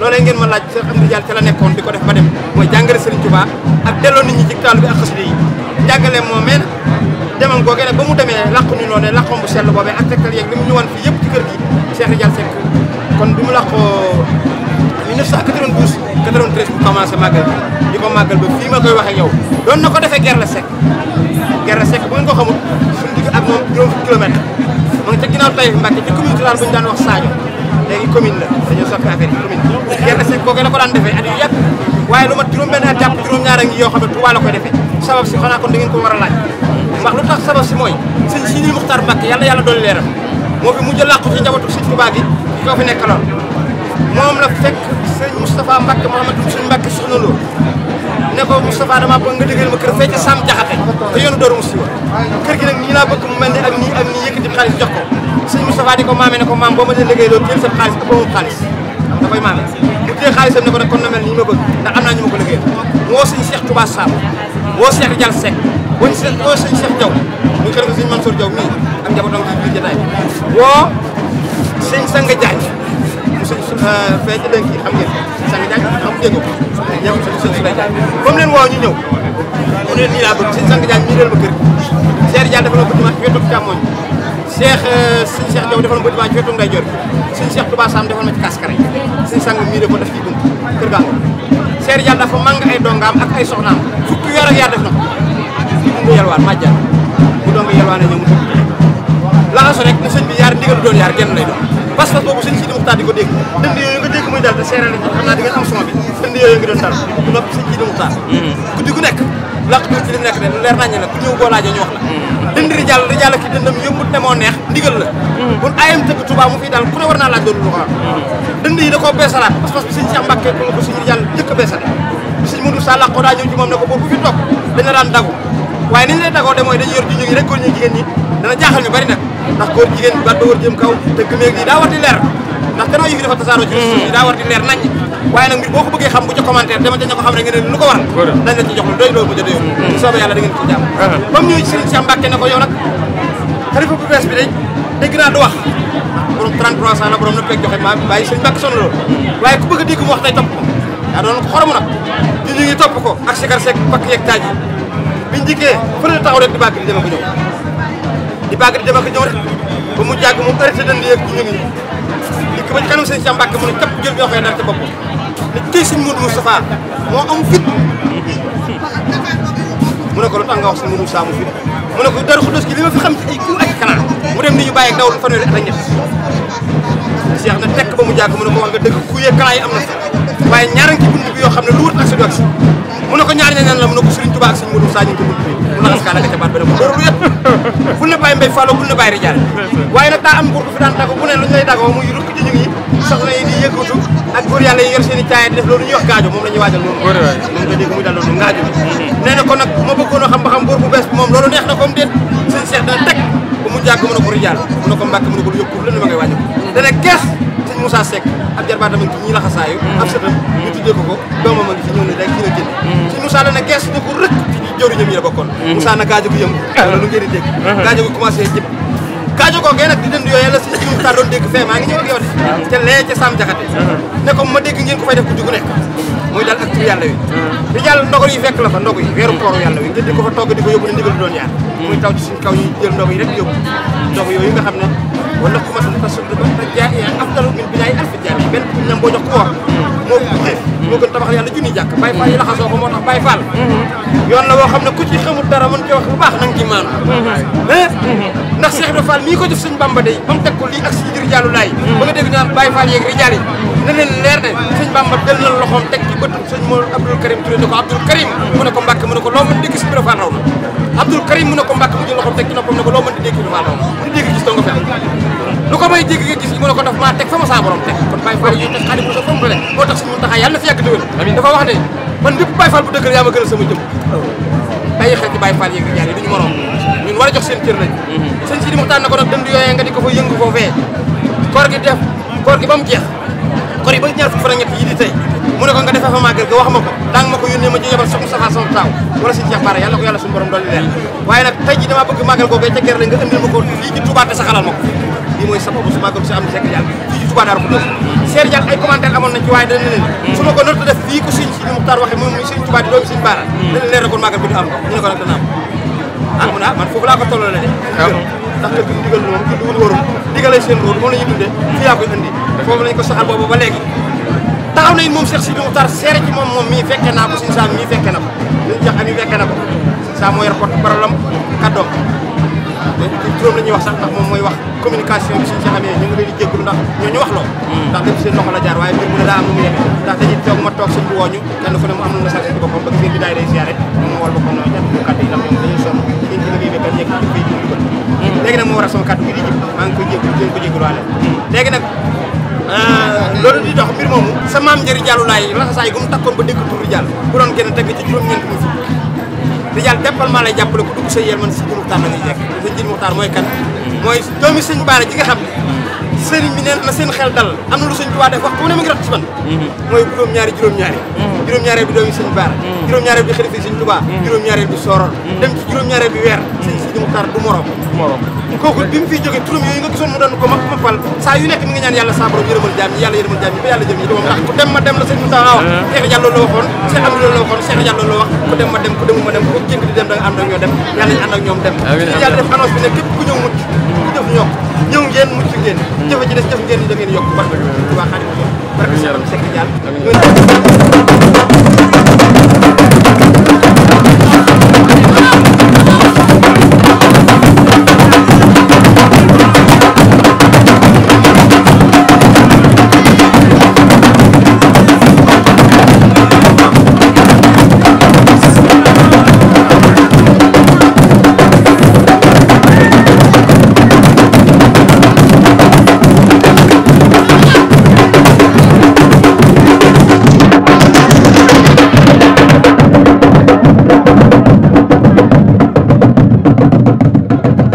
loolee ngeen ma laaj Cheikh Ahmadou Tidiane ca la nekkoon di ko def ba dem mooy jàngale Serigne Touba ak delloo nit ñi ci bi ak xasida yi jàngale moom demam googee nag ba mu demee làqu ñu noonu làqoom bu sell boobee ak tegtal yeeg li mu ñu wan fii yëpp ci kër gi Cheikh Tidiane Seck kon bi mu làqoo 1992 93 mu commencé màggal di ko màggal ba fii ma koy waxee yow doon na ko defee Gerla Seck Gerla Seck bu ngeen ko xamul suñu digg ak moom juróom fukki kilomètre mu ngi ca ginnaaw Taïf Mbacke ñu daan wax Sadio léegi commune la dañoo soppi affaire yi commune gerte si kooku la ko daan defee at waaye lu mat juróom-benn at jàpp juróom-ñaar a ngi yoo xam ne Touba la koy defee sabab si xanaa kon da ngeen ko war a laaj lu tax sabab si mooy sëñ Sidi Muxtaar Mbàkke yàlla yàlla dolli leeram moo fi mujj làqu ci njabootu sëñ Touba gi koo fi nekkaloon moom la fekk sëñ Moustapha Mbàkke Mouhamadou sëñ Mbàkke soxna loo ne ko Moustapha dama bëgg nga dëggal ma kër fecc Sam Jaxate te yoonu Daaru Musti kër gi nag ñi laa bëgg mu mel ni ak ko sëñ Moustapha di ko maame ne ko maam boo ma leen liggéey loolu jël sa xaalis ëpp moom xaalis am da koy maame bu jëlee xaalisam ne ko nag kon na mel ni ñu ma ndax am naa ñu ma ko liggéeyal woo sëñ Cheikh Touba Sam woo Cheikh Dial Seck woo sëñ Cheikh Diaw muy kër sëñ Mansour Diaw mii ak njabootam ci biir jotaay woo sëñ Sanga Diagne mu sëñ euh, fee ci dénk yi xam ngeen Sanga Diagne am dégg ko ñëw sëñ Sanga Diagne comme leen woo ñu ñëw mu ne nii laa bëgg sëñ Sang Diagne miinal ma kër gi Cheikh Diagne defal ma bâtiment ci wetu càmmoñ Cheikh euh, sëñ Cheikh Diaw defal ma bâtiment ci wetu ndeyjoor bi sëñ Cheikh Touba Sam defal ma ci kaskare sëñ Sang miine def ci kër gaango Cheikh Diagne dafa mang ay dongaam ak ay soxnaam fukki weer ak yaar def na ko mu yelwaan majjal bu donga yelwaane ñëw mu nga du doon yaar kenn lay doon pas-pas di ko dégg dënd yooyu di ngeen am ne moo neex ndigal la bun hmm. ayam tëgg Touba mu fii daal ku ne war naa laaj doon lu ko hmm. dënd yi da koo beesalaat pas-pas bi sëñ Cheikh Mbacke ko sëñ rijal njëkk a beesal sëñ Modou Sall ko daa ñëw ne ko boobu fi toog dañu daan dagu waaye ni ñu lay taxaw de mooy dañuy yor ju ñu rek góor jigéen ñi dana jaaxal ñu bari nag ndax góor jigéen bi baat ba kaw te gëmeeg yi daa war di leer ndax gannaaw yi fi dafa tasaaroo ci suuf daa war di leer nañ waaye nag mbir boo ko bëggee xam bu ca commentaire ña ko xam rek nga ne lu ko waral dañ la jox doy loolu mu jë doyoo bu soobee yàlla da ngeen ci jàmm ah. comme ñuy Serigne Cheikh Mbacké ne ko yow nag xalifa bu bees bi de dégg naa du wax borom 33 ans la borom na peeg joxe ku bëgg a dégg mu wax tey biñ dikkee fële taxaw rek di bàgg di dem ak ñëw di bàgg di dem rek ba mu jàgg moom arrêté dañ yëg ñu ngi li ko ba ci kanam sëñ Cheikh Mbacke mu ne képp jël ñoo koy dal ci bopp ni kii sëñ Modou moo am fit mu ne ko lu tax nga wax sëñ Modou Moustapha mu fit mu ne ko Darou Khoudoss gi li ma fi xam ci ay ku ak kanam mu dem ni ñu bàyyi dawul fanweeri at ak ñett Cheikh na tekk ba mu jàgg mu ne ko wax nga dëgg kuyee kanam yi am na a ngi yoo xam ne lu wut si doog ñaar ñaan la mu Touba ak sëñ Modou Sadio Touré mu laas kaa la ca baat ba ne ko loolu bu ne bàyyi rijaal waaye nag daa am góor gu fi daan tàggu bu ne lu ñu lay tàggoo muy rukk ji ñu ngi ko nag ma bëggoon a xam ba xam góor bu bees bi moom loolu neex na comme déet sëñ Cheikh dana teg ba mu jàgg mën a ko rijaal mu ne ko mbàkk mu ne ko lu yëpp lu ne ma ngay waajal dana kees sëñ Moussa Seck ab jarbaat tamit ñi la xasaayu ab sëtam ñu tuddee ko ko doomam a ngi fi ñëw ne day kii la jënd Moussa dana gees na ko rëkk jëwriñam yi la bokkoon mhm. Moussa na gaajo ko yëngu wala ah. lu ngeen di dégg gaajo mhm. ko commencé jëpp gaajo koo gee si si Moussa doon dégg fee maa ngi ñëw ak yow de mhm. te lee ca Sam Jaxate ne ko ma dégg ngeen ko fay def ku dugg nekk muy dal ak tur yàlla wi di jàll yi fekk la fa ndog weeru koor yàlla wi ngeen di ko fa togg di ko yóbbu doon yaar muy taw ci suñ kaw ñuy jël ndog yi rek yóbbu ndog yooyu nga xam ne wala ku ma tan tasul fa Baye Fall. yoon la boo xam ne ku ci xamul dara mën ci wax bu baax na nga ci maan. ndax Cheikh Ibra Fall mii ko def sëñ Bamba day am teg ko lii ak si dir jaalu laay. ba nga dégg ñu naan Baye Fall yeeg rijaal yi. na leen leer ne sëñ Bamba jël na loxoom teg ci bëtu sëñ Mor Abdoul Karim Touré ne ko Abdoul Karim mu ne ko Mbacke mu ne ko loo mën di gis Ibra Fall raw na Abdoul Karim mu ne mu jël loxoom teg ci noppam ne di dégg Ibra Fall raw na di dégg gis doo nga fi am lu ko may jéggi nga gis mu ne ko daf maa teg fa ma saa teg kon Baye Fall yow teg xaalis bu sa fonk le moo tax suñu taxaay yàlla na fi yàgg dëwél dafa wax ne man bépp Baye bu dëggal yaa ma gënal sama jëm oh. bàyyi xel ci yi duñu morom ñun war a jox seen cër lañ mm-hmm. sëñ si di waxtaan na ko nag dënd yooyee nga di ko fa yëngu foofee koor gi def koor gi ba mu jeex koor yi ba mu ñaar fukk fan ak ñett yi di tey ko nga defee fa màggal ga wax ma ko dang ma ko yónnee ma ci yebal soxna Safa sama taaw wala si Cheikh Bara yàlla ko yàlla suñu borom dolli leen waaye nag tey ji dama bëgg googu ca kër la nga indil ma ko lii ci Touba te saxalal ma ko lii mooy sababu su màggal si am Cheikh Diallo fii ci Touba Darou Khoudoss Cheikh Diallo ay commentaire amoon nañ ci waaye dañ leen su ma ko nottu def fii ko Serigne Sidi Muxtaar muy Serigne Touba di doomi Serigne taxaw na it moom Cheikh Sidi Moutar seere ci moom moom mii fekke naa ko suñu saam mii fekke na ko suñu jax ami fekke na ko suñu am kàddoom juróom la ñuy wax sax ndax moom mooy wax communication bi suñu si ñu ngi leen di jégalu ndax ñoo ñu wax loo ndax lépp seen loxo la jaar waaye mu ne daa am lu mu yem ndax toog ma toog suñu wooñu kenn ku ne mu am lu la maam njëri jàllu laay laxasaay gu mu takkoon ba dégg tur jàll bu doon kenn tëgg ci juróom-ñeent mu fi di jàll maa lay jàppale ku dugg sa yéen man si jil muxtaar la ngay nekk sëñ jil muxtaar mooy kan mooy doomi sëñ baara ji nga xam ne neen na seen xel dal am na lu sëñ Tuubaa def wax ko mu ne mu ngi rat ci man mm-hmm. mooy juróom-ñaari juróom-ñaari mm-hmm. juróom-ñaareel bi doomi sëñ Baara mm. juróom-ñaareel bi xalifa sëñ Tuubaa mm. juróom-ñaareel bi Sooroon mm. dem ci juróom-ñaareel bi weer sëñ Sidi Muxtaar du morom morom kooku bi mu fiy jógee turam yooyu nga gisoon mu doon ko ma ma fal saa yu nekk mi nga ñaan yàlla saa borom yërëmal jaam ñi yàlla yërëmal jaam ñi ba yàlla jëm ñi di moom ndax ku dem ma dem la sëñ Muxtaar wax Seex Jàllo la waxoon Seex Amdu la waxoon Seex Jàllo la wax ku dem ma dem ku dem ma dem ku jënd di dem da nga ànd ak ñoo dem yàlla ñu ànd ak ñoom dem yàlla def annonce bi ne képp ku ñëw mucc ku jëf ñokk ñëw ngeen mucc ngeen jëfe ci des jëf ngeen da ngeen yokk ba Tuubaa xaadimu barke Cheikh Seck Diagne Thank you.